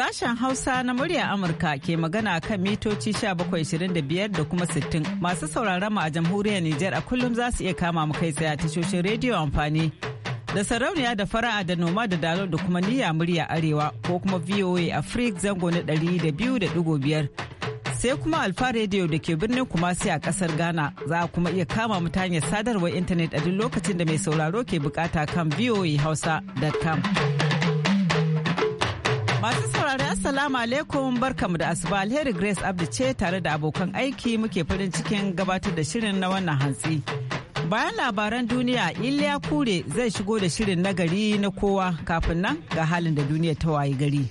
Sashen Hausa na murya Amurka ke magana kan mitoci 1725 da kuma 60 masu sauraron mu a jamhuriyar Nijar a kullum za su iya kama mu kai tsaye tashoshin rediyo amfani da sarauniya da fara'a da noma da dalo da kuma niyya murya arewa ko kuma VOA Africa zango na da da biyu biyar sai kuma Alfa Radio da ke birnin Kumasi a kasar Ghana za a kuma iya kama mu ta hanyar sadarwar intanet a duk lokacin da mai sauraro ke bukata kan voahausa.com. Assalamu alaikum barkamu da asuba alheri Grace Abdi ce tare da abokan aiki muke farin cikin gabatar da shirin na wannan hantsi. Bayan labaran duniya Iliya Kure zai shigo da shirin na gari na kowa kafin nan ga halin da duniya ta wayi gari.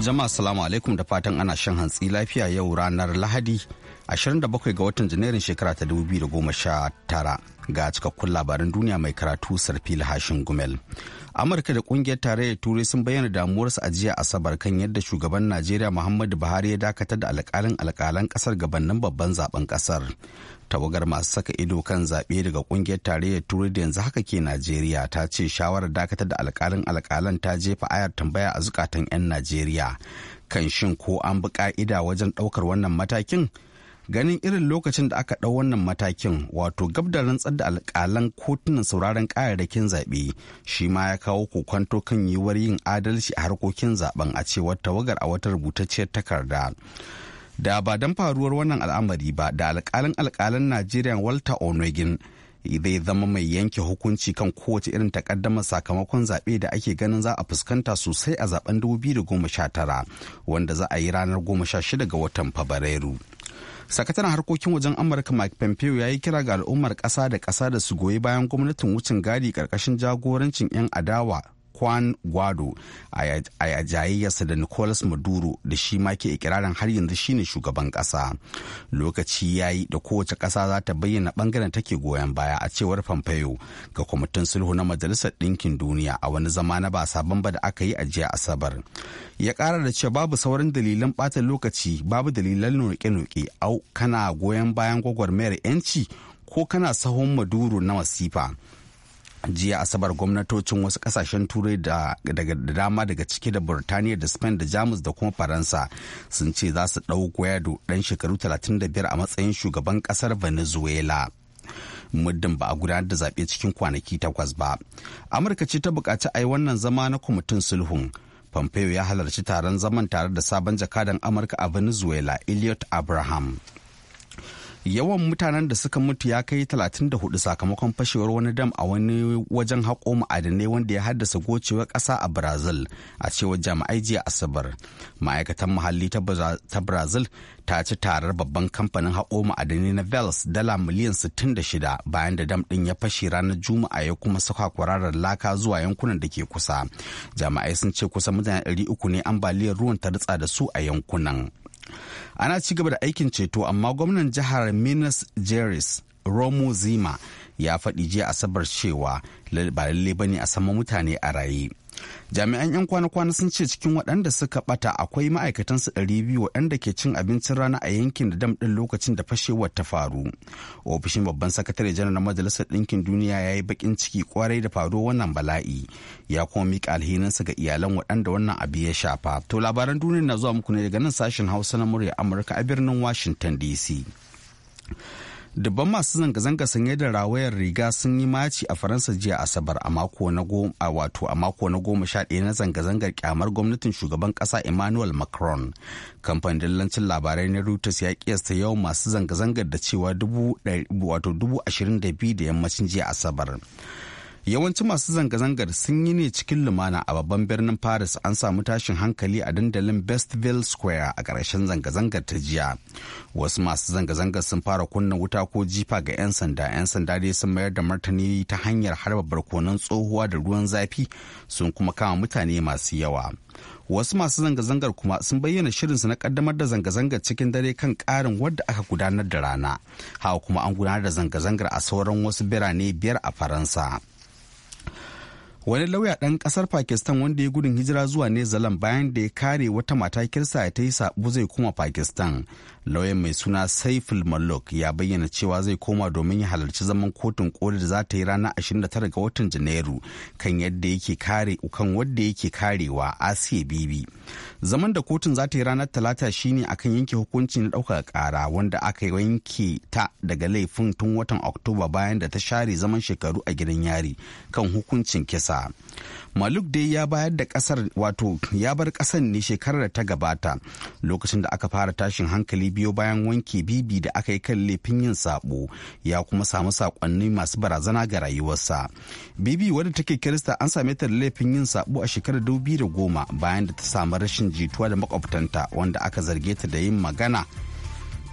Jama'a salamu alaikum da fatan ana shan hantsi lafiya yau ranar Lahadi 27 ga watan janairun shekara ta 2019 ga cikakkun labaran duniya mai karatu sarfil hashin gumel amurka da kungiyar tarayyar turai sun bayyana damuwarsu a jiya asabar kan yadda shugaban najeriya muhammadu buhari ya dakatar da alkalin alkalan kasar gabanin babban zaben ƙasar. tawagar masu saka ido kan zaɓe daga kungiyar tarayyar turai da yanzu haka ke najeriya ta ce shawarar dakatar da alkalin alkalan ta jefa ayar tambaya a zukatan 'yan najeriya kan shin ko an bi ka'ida wajen ɗaukar wannan matakin ganin irin lokacin da aka ɗau wannan matakin wato gab da rantsar da alƙalan kotunan sauraron ƙayyadakin zaɓe shi ma ya kawo kokwanto kan yiwuwar yin adalci a harkokin zaɓen a cewar tawagar a wata rubutacciyar takarda da ba don faruwar wannan al'amari ba da alƙalin alƙalan najeriya walter onwegin zai zama mai yanke hukunci kan kowace irin takaddamar sakamakon zaɓe da ake ganin za a fuskanta sosai a zaben 2019 wanda za a yi ranar 16 ga watan fabrairu. sakataren harkokin wajen amurka mike pompeo ya yi kira ga al'ummar ƙasa da ƙasa da su goyi bayan gwamnatin wucin gadi ƙarƙashin jagorancin 'yan adawa Juan Guaido a yajayayyarsa da Nicolas Maduro da shi ma ke ikirarin har yanzu shine shugaban kasa Lokaci ya yi da kowace kasa za ta bayyana ɓangaren take goyon baya a cewar Pompeo ga kwamitin sulhu na Majalisar Ɗinkin Duniya a wani zama na ba sabon ba da aka yi a jiya Asabar. Ya kara da cewa babu sauran dalilan ɓata lokaci babu dalilan noke-noke au kana goyon bayan gwagwarmayar 'yanci ko kana sahun maduro na masifa jiya asabar gwamnatocin wasu kasashen turai da dama daga ciki da burtaniya da spain da jamus da kuma faransa sun ce za su ɗau guaido ɗan shekaru 35 a matsayin shugaban ƙasar venezuela muddin ba a gudanar da zaɓe cikin kwanaki takwas ba amurka ce ta buƙaci a yi wannan zama na kwamitin sulhun pompeo ya halarci taron zaman tare da sabon jakadan amurka a venezuela elliot abraham yawan mutanen da suka mutu ya kai 34 sakamakon fashewar wani dam a wani wajen haƙo ma'adanai wanda ya haddasa gocewar ƙasa a brazil a cewar jami'ai jiya asabar ma'aikatan muhalli ta brazil ta ci tarar babban kamfanin haƙo ma'adanai na vels dala miliyan 66 bayan da dam ɗin ya fashe ranar juma'a ya kuma saka kwararar laka zuwa yankunan da ke kusa jami'ai sun ce kusan mutane 300 ne ambaliyar ruwan ta ritsa da su a yankunan. ana ci gaba da aikin ceto amma gwamnan jihar minas jeris romo zima ya faɗi jiya asabar cewa ba lalle bane a sama mutane a raye jami'an 'yan kwana-kwana sun ce cikin waɗanda suka bata akwai ma'aikatansu 200 waɗanda ke cin abincin rana a yankin da dam ɗin lokacin da fashewar ta faru ofishin babban sakatare janar na majalisar ɗinkin duniya ya yi bakin ciki kwarai da faruwar wannan bala'i ya kuma miƙa alhininsa ga iyalan waɗanda wannan abu ya shafa to labaran duniya na zuwa muku ne daga nan sashen hausa na murya amurka a birnin washington dc dubban masu zanga-zanga sanye da rawayar riga sun yi maci a faransa jiya asabar a mako na goma wato a mako na goma sha ɗaya na zanga-zangar kyamar gwamnatin shugaban ƙasa emmanuel macron kamfanin dillancin labarai na reuters ya kiyasta yawan masu zanga-zangar da cewa dubu ashirin da biyu da yammacin jiya asabar yawancin masu zanga-zangar sun yi ne cikin lumana a babban birnin paris an samu tashin hankali a dandalin bestville square a ƙarshen zanga-zangar ta jiya wasu masu zanga-zangar sun fara kunna wuta ko jifa ga 'yan sanda 'yan sanda dai sun mayar da martani ta hanyar harba barkonan tsohuwa da ruwan zafi sun kuma kama mutane masu yawa wasu masu zanga-zangar kuma sun bayyana shirinsu na kaddamar da zanga-zangar cikin dare kan karin wadda aka gudanar da rana hawa kuma an gudanar da zanga-zangar a sauran wasu birane biyar a faransa wani lauya ɗan ƙasar pakistan wanda ya gudun hijira zuwa nezaland bayan da ya kare wata mata kirsa ta yi sabu zai koma pakistan lauyan mai suna saiful mallok ya bayyana cewa zai koma domin ya halarci zaman kotun koli da za ta yi ranar 29 ga watan janairu kan yadda yake kare ukan wadda yake karewa asiya bibi zaman da kotun za ta yi ranar talata shine akan yanke hukunci na ɗaukar ƙara wanda aka yanke ta daga laifin tun watan oktoba bayan da ta share zaman shekaru a gidan yari kan hukuncin kisa Maluk dai ya bayar da kasar wato ya bar kasar ne shekarar da ta gabata lokacin da aka fara tashin hankali biyo bayan wanke bibi da aka yi kan laifin yin sabo ya kuma samu sakonni masu barazana ga rayuwarsa. Bibi wadda take kirista an same ta da laifin yin sabo a shekarar da goma bayan da ta samu rashin jituwa da makwabtanta wanda aka zarge ta da yin magana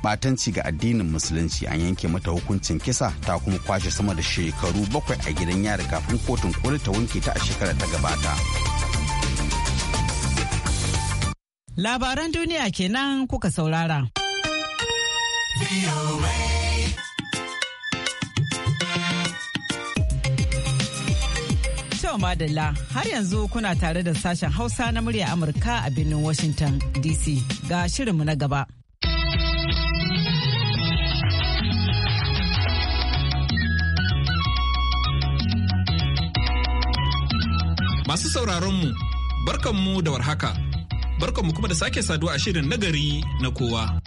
batanci ga addinin musulunci an yanke mata hukuncin kisa ta kuma kwashe sama da shekaru bakwai a gidan yari kafin kotun koli ta wanke ta a shekarar ta gabata labaran duniya kenan kuka saurara Shau Madalla har yanzu kuna tare da sashen Hausa na murya Amurka a birnin Washington DC ga shirinmu na gaba. Masu sauraron sauraronmu, barkanmu da warhaka. Barkanmu kuma da sake saduwa a shirin nagari na kowa.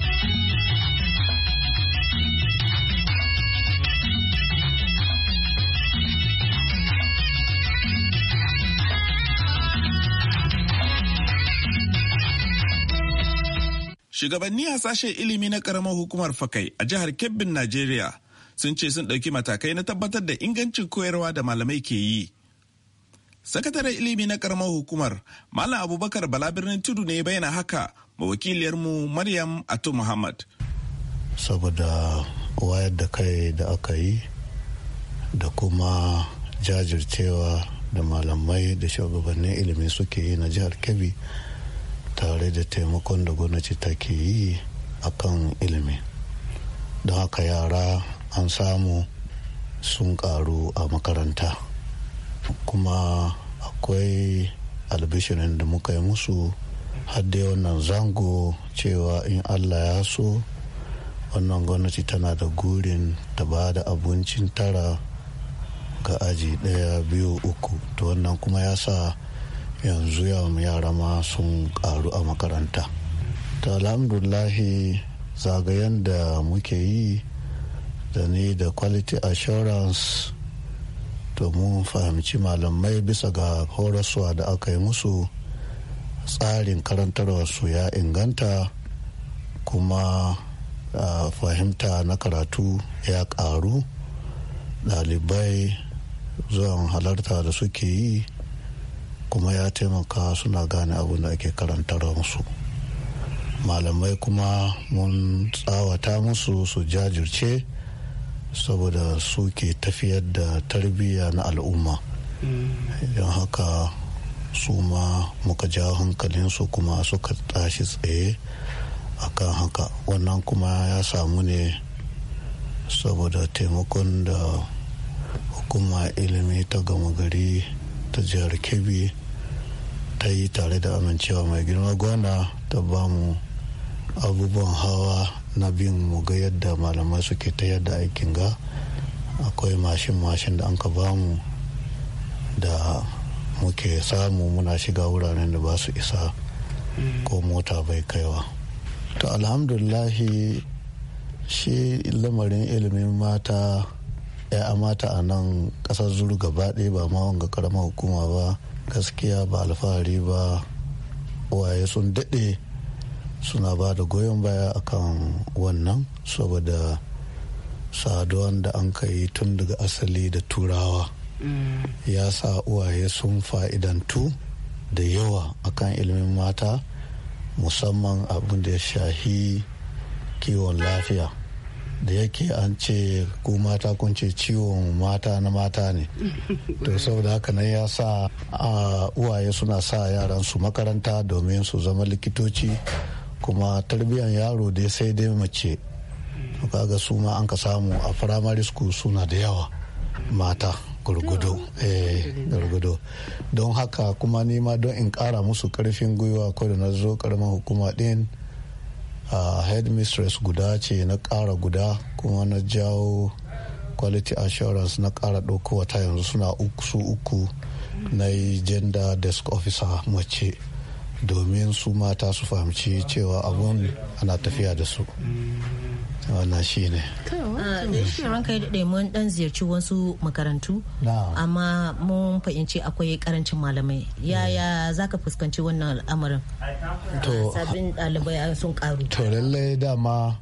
Shugabanni a sashen ilimi na ƙaramar hukumar Fakai a jihar Kebbin, Najeriya sun ce sun ɗauki matakai na tabbatar da ingancin koyarwa da malamai ke yi. sakataren ilimi na karamar hukumar malam abubakar bala birnin tudu ne bayyana haka ma mu maryam atu muhammad saboda wayar da kai da aka yi da kuma jajircewa da malamai da shugabannin ilimi suke yi na jihar kebbi tare da taimakon da gwamnati take yi akan ilimi don haka yara an samu sun karu a makaranta kuma akwai albishirin da muka yi musu hadde wannan zango cewa in allah ya so wannan gwamnati tana da gurin ta ba da abincin tara ga aji daya biyu uku to wannan kuma ya sa yanzu yara ma sun karu a makaranta ta alhamdulahi zagayen da muke yi da ni da quality assurance to mu fahimci malamai bisa ga horaswa da aka yi musu tsarin su ya inganta kuma fahimta na karatu ya karu ɗalibai zuwan halarta da suke yi kuma ya taimaka suna gane abin da ake karantar musu malamai kuma mun tsawata musu su jajirce saboda su ke tafiyar da tarbiyya na al'umma idan mm. haka su ma muka ja hankalinsu kuma suka tashi tsaye akan haka wannan kuma ya samu ne saboda taimakon da hukuma ilimi ta gama gari ta jihar kebbi ta yi tare da amincewa mai girma gwana ta bamu abubuwan hawa na bin mu ga yadda malamai suke ta yadda aikin ga akwai mashin-mashin da an ka bamu da muke samu muna shiga wuraren da ba su isa ko mota bai kaiwa to alhamdulahi shi lamarin ilimin mata ya mata a nan kasar zuru gaba ɗaya ba ma wanga karamar hukuma ba gaskiya ba alfahari ba waye sun daɗe suna ba da goyon baya akan wannan saboda saduwan da an ka tun daga asali da turawa mm. ya sa uwaye sun fa'idantu da yawa akan ilimin mata musamman abin da ya shahi kiwon lafiya da yake an ce ku mata kun ce ciwon mata na mata ne to saboda haka nan ya sa uwaye suna sa yaran su makaranta domin su zama likitoci kuma tarbiyyar yaro da ya sai dai mace kaga su ma an ka samu a firamare school suna da yawa mata gurgudo eh, gurgudu don haka kuma nima don in kara musu karfin gwiwa ko da na zo karamin hukuma din a headmistress guda ce na kara guda kuma na jawo quality assurance na kara ɗauko ta yanzu suna uku su uku na yi gender desk officer mace domin su mata su fahimci cewa abun ana tafiya da su wannan ah, shi ne ranka ya daɗe mun dan ziyarci wasu makarantu amma mun fahimci akwai karancin malamai yaya za ka fuskanci wannan al'amarin sabbin ɗalibai sun karu to lallai dama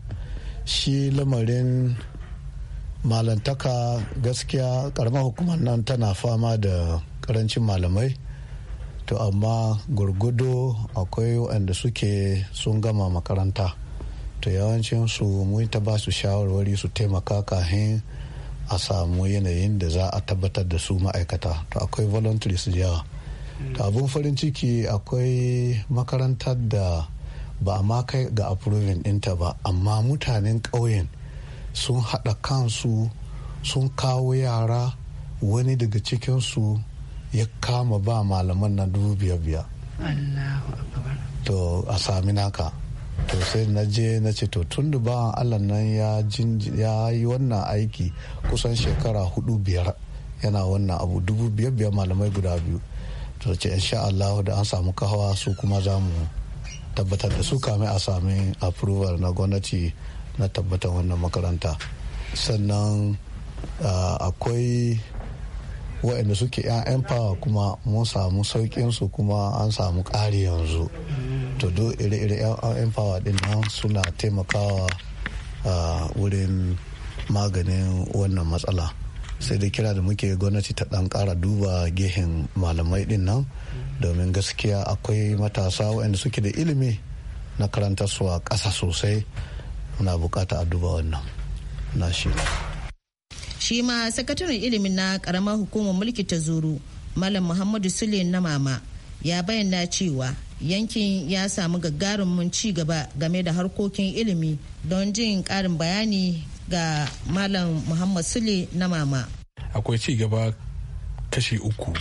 shi lamarin malantaka gaskiya karamar hukumar nan tana fama da karancin malamai to amma gurgudu akwai waɗanda suke sun gama makaranta to yawancin su mun ta ba su shawarwari su taimaka kahin a samu yanayin da za a tabbatar da su ma'aikata to akwai voluntaries da yawa to abun farin ciki akwai makarantar da ba a kai ga approving dinta ba amma mutanen ƙauyen sun haɗa kansu sun kawo yara wani daga cikinsu ya kama ba malaman na dubu biyar biyar to a sami naka to sai na je na ce to tun da bawan allah nan ya yi wannan aiki kusan shekara hudu biyar yana wannan abu dubu biyar biyar malamai guda biyu to ce insha Allah da an samu kahawa su kuma za mu tabbatar da su kame a sami approval na gwamnati na tabbatar wannan makaranta sannan ah, akwai waɗanda suke 'ya'yan fawa kuma mun samu saukin su kuma an samu ƙari yanzu to do ire-ire 'ya'yan fawa din nan suna taimakawa wurin maganin wannan matsala sai dai kira da muke gwamnati ta ɗan ƙara duba gehen malamai din nan domin gaskiya akwai matasa waɗanda suke da ilimi na su a ƙasa sosai muna bukata a duba wannan na shi shi ma sakataren ilimin na karamar hukumar mulki ta zuru malam muhammadu sule na mama ya bayyana cewa yankin ya samu gagarumin ci gaba game da harkokin ilimi don jin karin bayani ga malam muhammad sule na mama akwai ci gaba kashi uku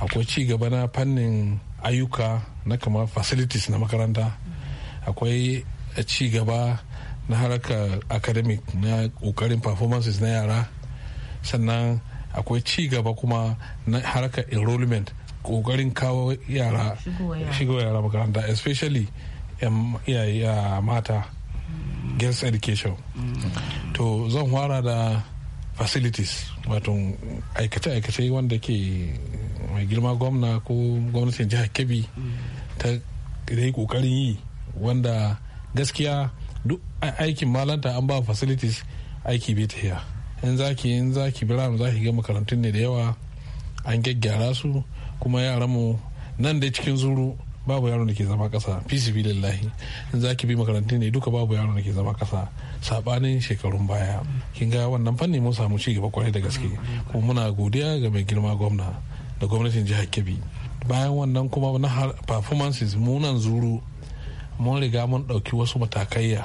akwai ci gaba na fannin ayyuka na kamar facilities na makaranta akwai ci gaba na harkar academic na kokarin performances na yara sannan akwai ci gaba kuma na harkar enrollment kokarin kawo yara shigowa yara makaranta especially iyaye mata girls education mm. to zan fara da facilities wato aikace-aikace wanda ke mai girma gwamna ko gwamnatin jihar kebbi mm. ta yi kokarin yi wanda gaskiya duk aikin malanta an ba facilities aiki bai ta in zaki in zaki za zaki ga makarantun ne da yawa an gyaggyara su kuma yaran mu nan da cikin zuru babu yaron da ke zama kasa fi lillahi in zaki bi makarantun ne duka babu yaron da ke zama kasa sabanin shekarun baya kin ga wannan fanni mun samu ci gaba kwarai da gaske kuma muna godiya ga mai girma gwamna da gwamnatin jihar Kebbi bayan wannan kuma na performances munan zuru mun riga mun ɗauki wasu matakaiya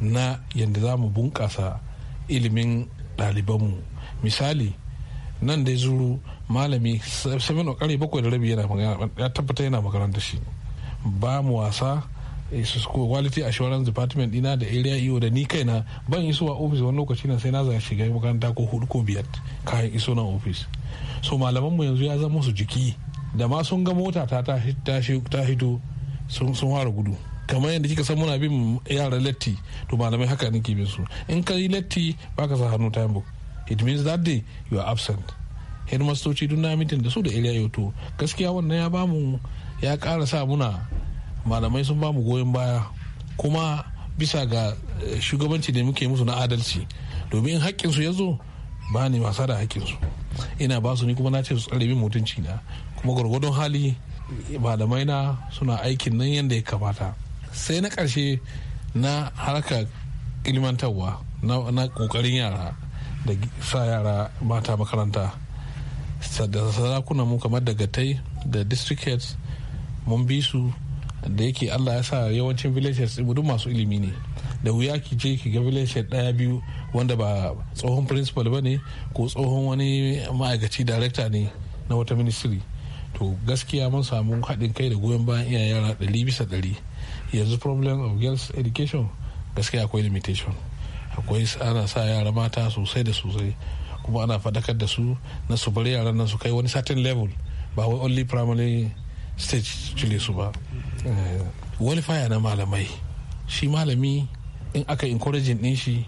na yadda za mu bunƙasa ilimin ɗalibanmu misali nan dai zuru malami saminu kare bakwai da rabi yana magana ya tabbata yana makaranta shi ba mu wasa eh, quality assurance department dina da area iyo e da ni kaina ban isuwa ofis wani lokaci na sai na zai shiga makaranta ko hudu ko biyar kayan iso nan ofis so malamanmu yanzu ya zama su jiki da ma sun ga mota ta ta hito sun fara gudu kamar yadda kika san muna bin yaran latti to malamai haka nake bin su in ka yi latti baka sa hannu time book it means that day you are absent headmastoci duk na mitin da su da area yau to gaskiya wannan ya bamu ya ƙara sa muna malamai sun bamu goyon baya kuma bisa ga eh, shugabanci da muke musu na adalci domin su ya zo ba ni wasa da su ina ba su ni kuma na ce su tsare min mutunci na kuma gwargwadon hali malamai na suna aikin nan yadda ya kamata sai na ƙarshe na harkar ilmantarwa na ƙoƙarin yara da sa yara mata makaranta da sarakuna mu kamar da gatai da district heads mun bi su da yake allah ya sa yawancin villages duk masu ilimi ne da wuya ki je ki ga village daya biyu wanda ba tsohon principal ba ne ko tsohon wani ma'aikaci director ne na wata ministry to gaskiya mun samu haɗin kai da goyon bayan iyayen yara ɗari bisa ɗari yanzu problem of girls education gaskiya akwai limitation akwai ana sa yara mata sosai da sosai kuma ana faɗakar da su na su bar yaran nan su kai wani certain level ba wai only primary stage cile su ba wani eh, faya na malamai shi malami in aka encouraging din shi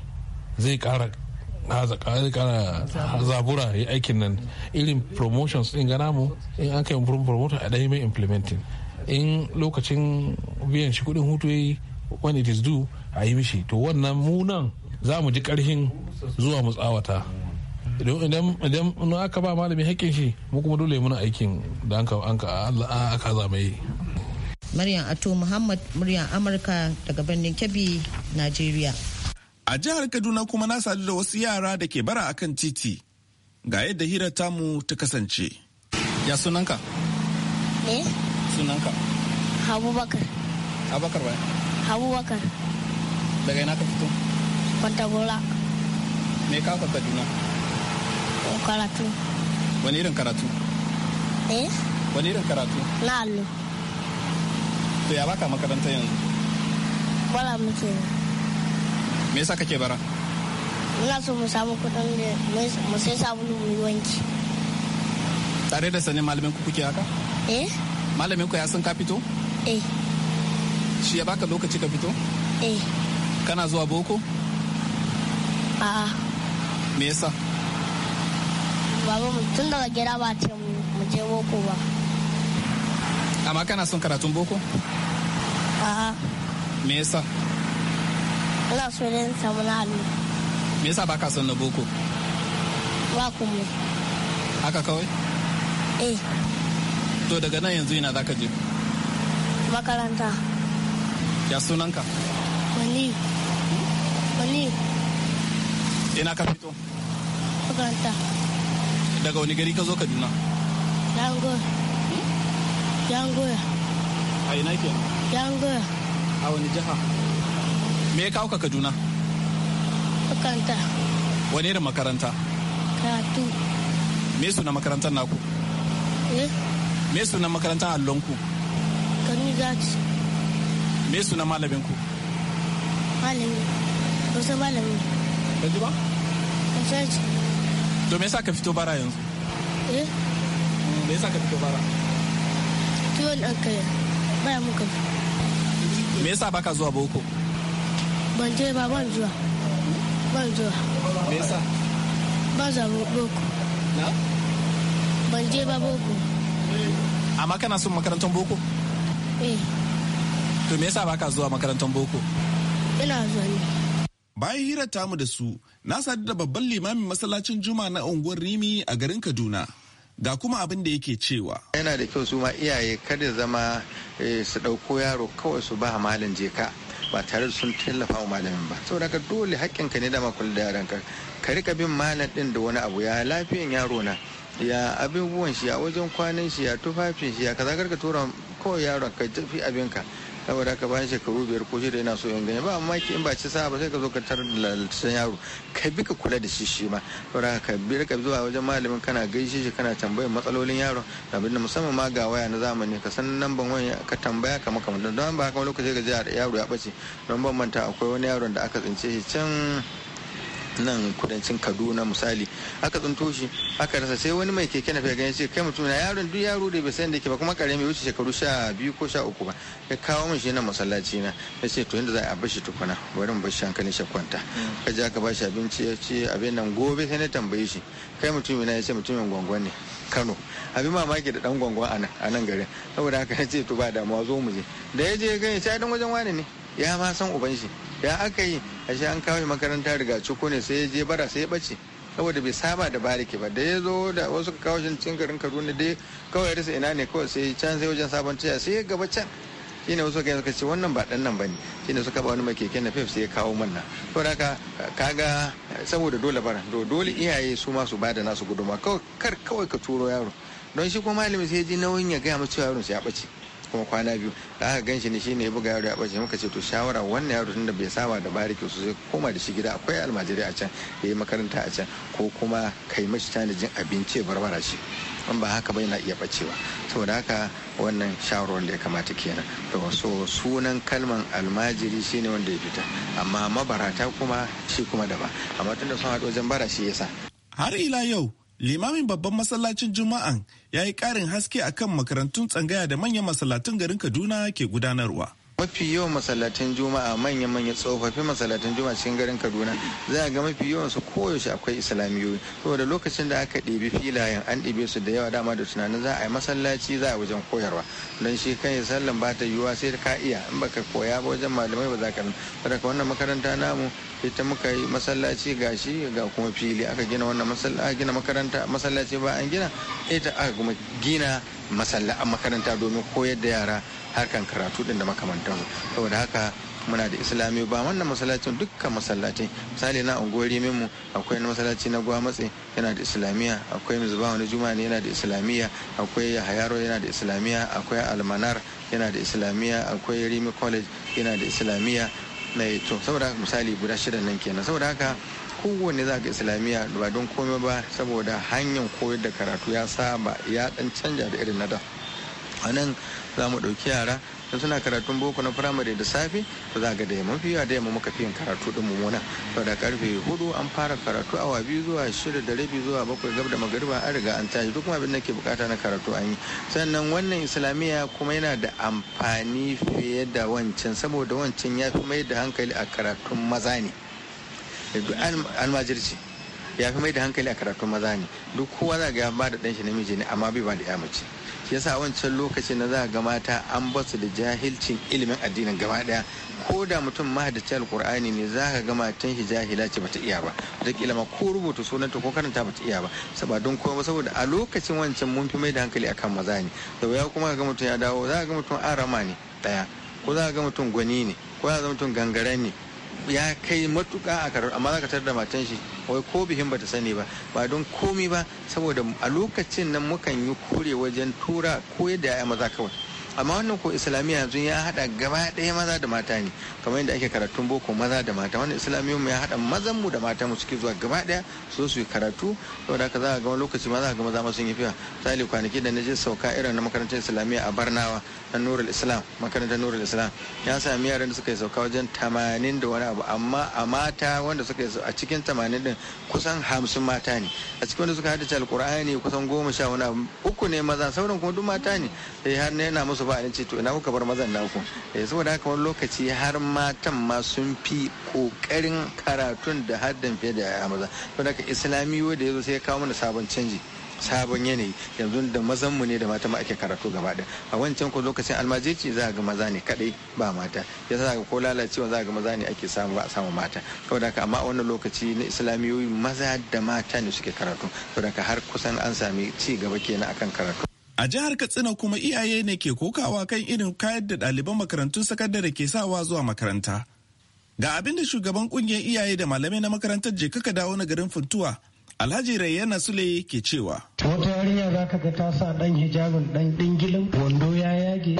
zai kara kara zabura ya aikin nan irin promotions din gana mu in aka kai promotion a ɗaya mai implementing in lokacin biyan shi kudin hutu yayi when it is due a yi mishi to wannan munan za mu ji karhin zuwa mu tsawata idan na aka ba malami haƙƙin shi mu kuma dole muna aikin da an a aka zama yi Maryam Ato Muhammad muryan Amurka daga birnin Kebbi, nigeria. A jihar Kaduna kuma na sadu da wasu yara da ke bara akan titi. Ga yadda hira tamu ta kasance. Ya sunanka? Eh? sunanka? Abubakar. Abubakar bai? Abubakar. Daga ina ka fito? Kwantagora. Me ka ka Kaduna? Karatu. Wani irin karatu? Eh? Wani irin karatu? Na allo. To ya baka makaranta yanzu? Bala muke. Me yasa kake bara? Ina so mu samu kudin da mu sai sabulu mu wanki. Tare da sanin malamin ku kuke haka? Eh? malamin ku ya san ka fito eh shi ya baka lokaci ka fito eh kana zuwa boko a'a me yasa baba tun daga gida ba ce mu je boko ba amma kana son karatun boko a'a me yasa ina so ne samu na hannu. me yasa baka son na boko ba kuma haka kawai eh to daga nan yanzu ina zaka je makaranta ya sunanka wali wali ina ka fito makaranta daga wani gari ka zo kaduna yangoya yangoya a ina ke yangoya a wani jiha me ya kawo ka kaduna makaranta wani irin makaranta karatu me suna makarantar naku eh me sunan makarantar allonku kanuzat me sunan malaminku malami Wasu malami ka ji ba kasance to me yasa ka fito bara yanzu eh me yasa ka fito bara tuwon an kai baya muka me yasa baka zuwa boko ban je ba ban zuwa ban zuwa me yasa ba zuwa boko na ban je ba boko amma kana son makarantar boko eh. to me yasa baka zuwa makarantar boko ina zuwa ne bayan hira tamu da su na sadu da babban limamin masallacin juma na unguwar rimi a garin kaduna ga kuma abin da yake cewa yana da kyau su ma iyaye kada zama eh, su ɗauko yaro kawai su ba malin jeka ba tare da sun tallafa wa malamin ba saboda ka dole haƙƙinka ne da da yaranka ka rika bin malam ɗin da wani abu ya lafiyan yaro na ya abubuwan shi a wajen kwanan shi ya tufafin shi ya kaza karka tura kawai yaron ka tafi abinka saboda ka bayan shekaru biyar ko shida yana so yin gani ba amma ki in ba ci sa'a ba sai ka zo ka tar da lalacin yaro ka bi ka kula da shi shi ma saboda ka bi ka zuwa wajen malamin kana gaishe shi kana tambayar matsalolin yaro abin da musamman ma ga waya na zamani ka san namban wani ka tambaya ka maka don ba haka lokaci ga yaro ya bace don ban manta akwai wani yaron da aka tsince shi can nan kudancin kaduna misali aka tsinto shi aka rasa sai wani mai keke na gani ce kai mutum na yaron duk yaro da bai san da ke ba kuma karami wuce shekaru sha biyu ko sha uku ba ya kawo min shi na masallaci na ya ce to inda za a bar shi tukuna bari mu bar shi hankalin shi kwanta ka je aka ba shi abinci ya ce abin nan gobe sai na tambaye shi kai mutum na ya ce mutumin gwangwan ne kano abin mamaki da dan gwangwan a nan garin saboda haka ya ce to ba damuwa zo mu je da ya je gani sai dan wajen wani ne ya ma san uban shi ya aka yi ashe an kawo makaranta riga ciko ne sai ya je bara sai ya bace saboda bai saba da bariki ba da ya zo da wasu kawo shi cikin garin kaduna dai kawai rasa ina ne kawai sai can sai wajen sabon ciya sai ya gaba can shi ne wasu kai suka ce wannan ba dan nan ba ne shi ne suka ba wani mai keke na fef sai ya kawo manna to ka kaga saboda dole bara to dole iyaye su ma su bada nasu guduma kawai kar kawai ka turo yaro don shi ko malami sai ji nauyin ya gaya masu yaron su ya bace kuma kwana biyu da aka gan shi ne shine ya buga yaro ya bace muka ce to shawara wannan yaro tunda bai saba da bariki sosai koma da shi gida akwai almajirai a can ya yi makaranta a can ko kuma kai mashi tanajin abinci barbara shi in ba haka ba yana iya bacewa saboda haka wannan shawarwar da ya kamata kenan to so sunan kalman almajiri ne wanda ya fita amma mabarata kuma shi kuma daban amma tunda sun haɗu wajen bara shi yasa har ila yau limamin babban masallacin juma'an ya yi karin haske akan makarantun tsangaya da manyan masallatun garin kaduna ke gudanarwa mafi yawan masallatun juma'a manya manya tsofaffin masallatun juma'a cikin garin kaduna za a ga mafi yawan su koyaushe akwai islamiyoyi saboda lokacin da aka ɗebi filayen an ɗebe su da yawa dama da tunanin za a yi masallaci za a wajen koyarwa don shi kan yi sallan ba ta yiwuwa sai ka iya in baka koya ba wajen malamai ba za ka ka wannan makaranta namu ita muka yi masallaci gashi ga kuma fili aka gina wannan masallaci gina makaranta masallaci ba an gina ita aka kuma gina masallaci makaranta domin koyar da yara harkan karatu din da makamantan saboda haka muna da islami ba wannan masallacin dukkan masallacin misali na unguwar mu akwai na masallaci na gwamatse yana da islamiya akwai mizuba wani juma yana da islamiya akwai hayaro yana da islamiya akwai almanar yana da islamiyya akwai rimi college yana da islamiya na eh, to saboda misali guda shida nan kenan saboda haka kowanne za ga islamiyya ba don komai ba saboda hanyar koyar da karatu ya saba ya dan canja da irin na da a nan za mu ɗauki yara don suna karatun boko na firamare da safe to za ga da yamma fiye da yamma muka fiye karatu din mummuna to da karfe hudu an fara karatu awa biyu zuwa shida da rabi zuwa bakwai gab da magariba an riga an tashi duk abin da ke bukata na karatu an yi sannan wannan islamiyya kuma yana da amfani fiye da wancan saboda wancan ya fi mai da hankali a karatun maza ne almajirci ya fi mai da hankali a karatun maza ne duk kowa za ga ya ba da ɗan shi namiji ne amma bai ba da ya mace shi yasa wancan lokacin na za ga mata an basu da jahilcin ilimin addinin gaba daya ko da mutum mahadaci alkur'ani ne za ka ga matan shi jahila ce bata iya ba kila ma ko rubuta sunanta ko karanta bata iya ba saboda don saboda a lokacin wancan mun fi mai da hankali akan maza ne da ya kuma ga mutum ya dawo za ga mutum arama ne daya ko za ga mutum gwani ne ko za ga mutum gangaren ne ya kai matuka a karar amma za ka tar da matan shi wai ko bihin bata sani ba ba don komi ba saboda a lokacin nan mukan yi kure wajen tura koyar da ya maza kawai amma wannan ko islamiyya yanzu ya hada gaba ɗaya maza da mata ne kamar yadda ake karatun boko maza da mata wannan islamiyya mu ya hada mazan mu da mata mu suke zuwa gaba ɗaya su su yi karatu saboda haka za a ga lokaci maza a ga maza sun yi fiya misali kwanaki da na je sauka irin na makarantar islamiyya a barnawa na nurul islam makarantar nurul islam ya sami yaran da suka yi sauka wajen tamanin da wani abu amma a mata wanda suka yi a cikin tamanin din kusan hamsin mata ne a cikin wanda suka hada alkur'ani kusan goma sha wani abu uku ne maza sauran kuma duk mata ne sai eh, har ne yana musu ba ne ce to ina kuka bar mazan naku eh saboda haka wani lokaci har matan ma sun fi kokarin karatun da haddan fiye da yaya maza saboda haka islamiyo da yazo sai ya kawo mana sabon canji sabon yanayi yanzu da mazan mu ne da mata ma ake karatu gaba da a wancan ko lokacin almajirci za ga maza ne kadai ba mata ya za ko lalacewa za ga maza ne ake samu ba a samu mata kawai haka amma a wannan lokaci na islamiyoyi maza da mata ne suke karatu saboda haka har kusan an sami ci gaba kenan akan karatu A jihar Katsina kuma iyaye ne ke kokawa kan irin kayar da ɗaliban makarantun sakandare ke sawa zuwa makaranta. Ga abin da shugaban kungiyar iyaye da malamai na makarantar je kaka dawo na garin Funtuwa, Alhaji Rayyana Sule ke cewa. Wata yarinya za ka ga ta sa ɗan hijabin ɗan ɗingilin wando ya yage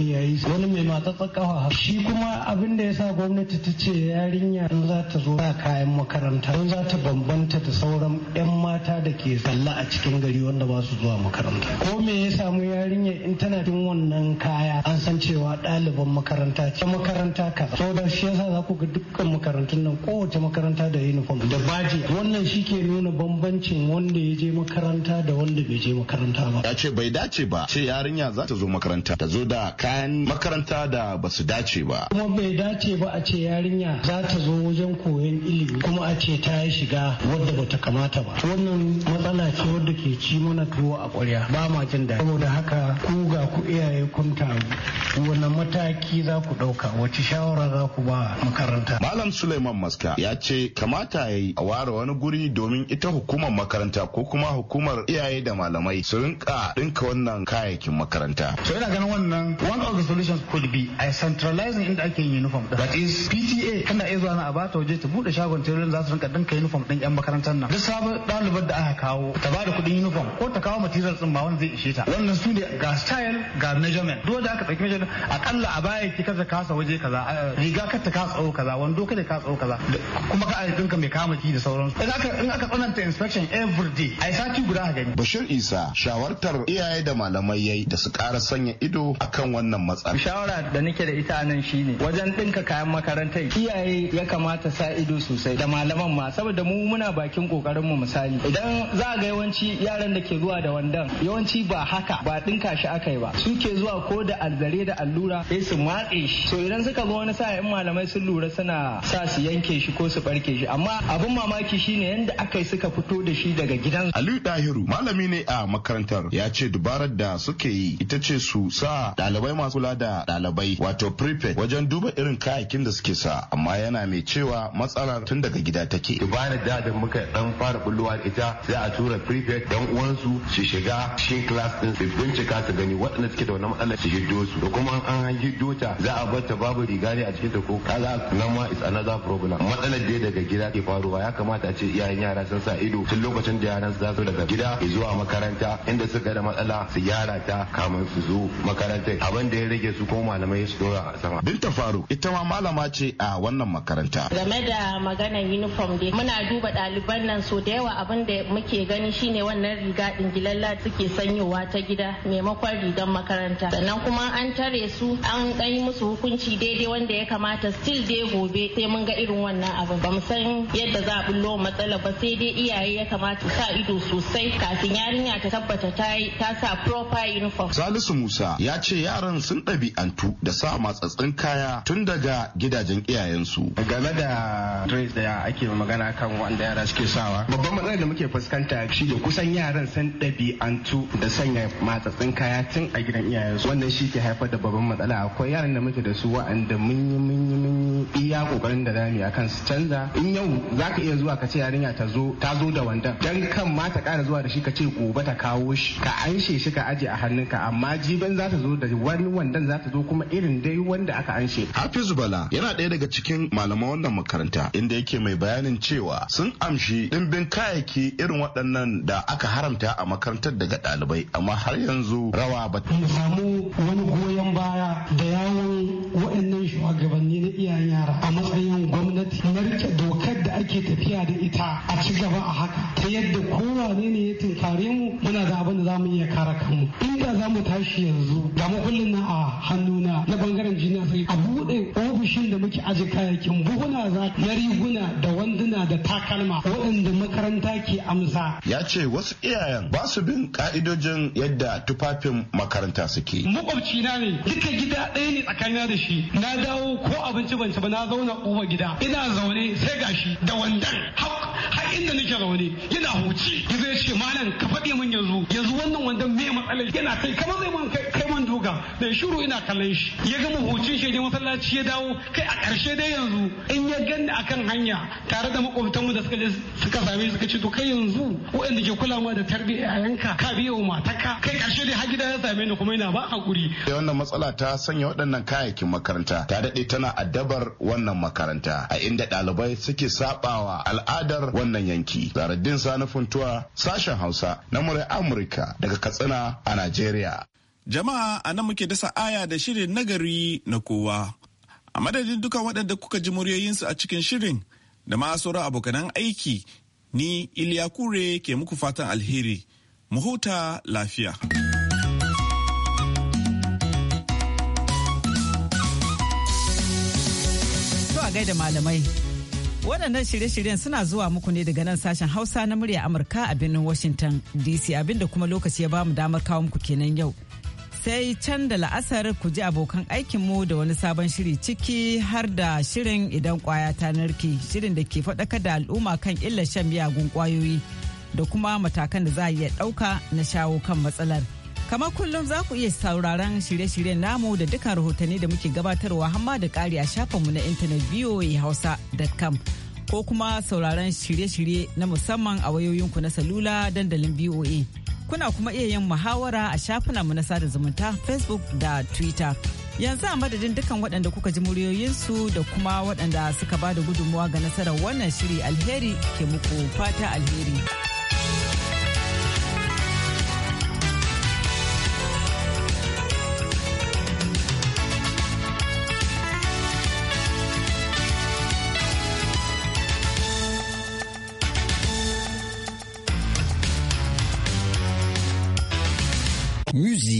aikin ya yi wani mai matsatsa kafa shi kuma abin da ya sa gwamnati ta ce yarinya in za ta zo a kayan makaranta don za ta bambanta da sauran 'yan mata da ke zalla a cikin gari wanda ba su zuwa makaranta ko me ya samu yarinya in tana cikin wannan kaya an san cewa ɗaliban makaranta ce makaranta So da shi yasa za ku ga dukkan makarantun nan kowace makaranta da uniform da baji wannan shi ke nuna bambancin wanda ya je makaranta da wanda bai je makaranta ba ya ce bai dace ba ce yarinya za ta zo makaranta ta zo da kaya kayan makaranta da ba su dace ba. Kuma bai dace ba a ce yarinya za ta zo wajen koyon ilimi kuma a ce ta yi shiga wadda bata kamata ba. Wannan matsala ce wadda ke ci mana tuwo a ƙwarya ba ma jin daɗi. Saboda haka ku ga ku iyaye kun ta wani mataki za ku ɗauka wace shawara za ku ba makaranta. Malam Suleiman Maska ya ce kamata ya yi a ware wani guri domin ita hukumar makaranta ko kuma hukumar iyaye da malamai su rinka ɗinka wannan kayayyakin makaranta. So ina ganin wannan one of the solutions could be a centralizing inda ake yin uniform din that is PTA kana iya zuwa na a bata waje ta bude shagon tailorin za su rinka dinka uniform din yan makarantar nan duk sabon ɗalibar da aka kawo ta bada kuɗin uniform ko ta kawo material din ma wanda zai ishe ta wannan su ne ga style ga measurement duk da aka ɗauki measurement akalla a baya ki kaza kasa waje kaza riga ka ta kasa tsawo kaza wando kada ka tsawo kaza kuma ka ayi dinka mai kama ki da sauransu idan aka in aka tsananta inspection every day ai sati guda a gani Bashir Isa shawartar iyaye da malamai yayi da su ƙara sanya ido akan wannan matsala. Shawara da nake da ita nan shine wajen dinka kayan makarantar iyaye ya kamata sa ido sosai da malaman ma saboda mu muna bakin kokarin mu misali idan za ga yawanci yaran da ke zuwa da wandan yawanci ba haka ba ɗinka shi aka yi ba suke zuwa ko da alzare da allura sai su matse shi so idan suka ga wani sa'a in malamai sun lura suna sa su yanke shi ko su barke shi amma abin mamaki shine yanda aka suka fito da shi daga gidan Aliyu Dahiru malami ne a makarantar ya ce dubarar da suke yi ita ce su sa ɗalibai akwai masu kula da ɗalibai wato prefect wajen duba irin kayakin da suke sa amma yana mai cewa matsalar tun daga gida take. bani da da muka dan fara bulluwa ita sai a tura prefect dan uwansu su shiga shi class din su bincika su gani waɗanda suke da wannan matsalar su hiddo su da kuma an an hiddo ta za a bar ta babu riga ne a cikin ta ko kaza nan ma is another problem. Matsalar da daga gida ke faruwa ya kamata a ce iyayen yara sun sa ido tun lokacin da yaran su zo daga gida zuwa makaranta inda suka da matsala su gyara ta kamar su zo makarantar. wanda ya rage su kuma malamai su dora a sama. Binta Faruk ita ma malama ce a wannan makaranta. Game da maganar uniform dai muna duba ɗaliban nan so da yawa abin da muke gani shine wannan riga dingilalla suke sanyowa ta gida maimakon rigar makaranta. Sannan kuma an tare su an ɗan musu hukunci daidai wanda ya kamata still dai gobe sai mun ga irin wannan abin. Ba mu san yadda za a bullo matsala ba sai dai iyaye ya kamata sa ido sosai kafin yarinya ta tabbata ta sa proper uniform. Salisu Musa ya ce yaran yaran sun ɗabi'antu da sa matsatsin kaya tun daga gidajen iyayensu. Game da dress da ake magana kan wanda yara suke sawa. Babban matsalar da muke fuskanta shi da kusan yaran sun ɗabi'antu da sanya matsatsin kaya tun a gidan iyayensu. Wannan shi ke haifar da babban matsala. Akwai yaran da muke da su wa'anda mun yi mun yi mun yi iya kokarin da zamu yi akan su canza. In yau za ka iya zuwa ka ce yarinya ta zo ta zo da wandan. Dan kan ma ta ƙara zuwa da shi ka ce gobe ta kawo shi. Ka anshe shi ka ajiye a hannunka amma jiban za ta zo da wani hannun wandan za ta zo kuma irin dai wanda aka anshe. Hafizu Bala yana ɗaya daga cikin malaman wannan makaranta inda yake mai bayanin cewa sun amshi ɗimbin kayayyaki irin waɗannan da aka haramta a makarantar daga ɗalibai amma har yanzu rawa ba. Mu samu wani goyon baya da yawon waɗannan shugabanni na iyayen yara a matsayin gwamnati na rike dokar da ake tafiya da ita a ci gaba a haka ta yadda kowane ne ya tunkare mu muna da abin da za mu iya kare kanmu inda za mu tashi yanzu ga kullum na a hannuna na bangaren jina sai a buɗe ofishin da muke aje kayayyakin buhuna za na riguna da wanduna da takalma waɗanda makaranta ke amsa. Ya ce wasu iyayen ba su bin ka'idojin yadda tufafin makaranta suke. Makwabci na ne duka gida ɗaya ne tsakanina da shi na dawo ko abinci ban ci ba na zauna uba gida ina zaune sai gashi da wandan har inda nake zaune yana huci yanzu ya ce malam ka faɗi min yanzu yanzu wannan wandan me matsalar yana kai kamar zai mun kai man duka da shiru ina kallon shi ya gama mahucin shi ya masallaci ya dawo kai a ƙarshe dai yanzu in ya a kan hanya tare da mu da suka suka same suka ce to kai yanzu waɗanda ke kula ma da tarbiyya yayanka ka biya wa matarka kai ƙarshe dai har gida ya same ni kuma ina ba hakuri da wannan matsala ta sanya waɗannan kayayyakin makaranta ta daɗe tana addabar wannan makaranta a inda ɗalibai suke sabawa al'adar wannan yanki zaradin sanufin tuwa sashen hausa na murai amurka daga katsina a najeriya Jama'a a nan muke dasa aya da shirin nagari na kowa. A madadin duka waɗanda kuka ji muryoyinsu a cikin shirin da ma sauran abokanan aiki ni Iliya Kure ke muku fatan alheri. Mu huta lafiya. Zuwa gaida malamai. Waɗannan shirye-shiryen suna zuwa muku ne daga nan sashen Hausa na murya Amurka a birnin Washington DC abinda kuma lokaci ya bamu damar kawo muku kenan yau. sai can da la'asar ku ji abokan aikinmu da wani sabon shiri ciki har da shirin idan kwaya ta narke shirin da ke faɗaka da al'umma kan illar shan miyagun kwayoyi da kuma matakan da za a iya ɗauka na shawo kan matsalar kamar kullum za ku iya sauraron shirye-shiryen namu da dukkan rahotanni da muke gabatarwa hamma da ƙari a shafinmu na intanet voahausa.com ko kuma sauraron shirye-shirye na musamman a wayoyinku na salula dandalin voa Kuna kuma iya yin muhawara a shafinanmu na sada zumunta Facebook da Twitter. Yanzu a madadin dukan waɗanda kuka ji muryoyinsu da kuma waɗanda suka ba da gudunmuwa ga nasarar wannan shiri alheri ke muku fata alheri. ujuzi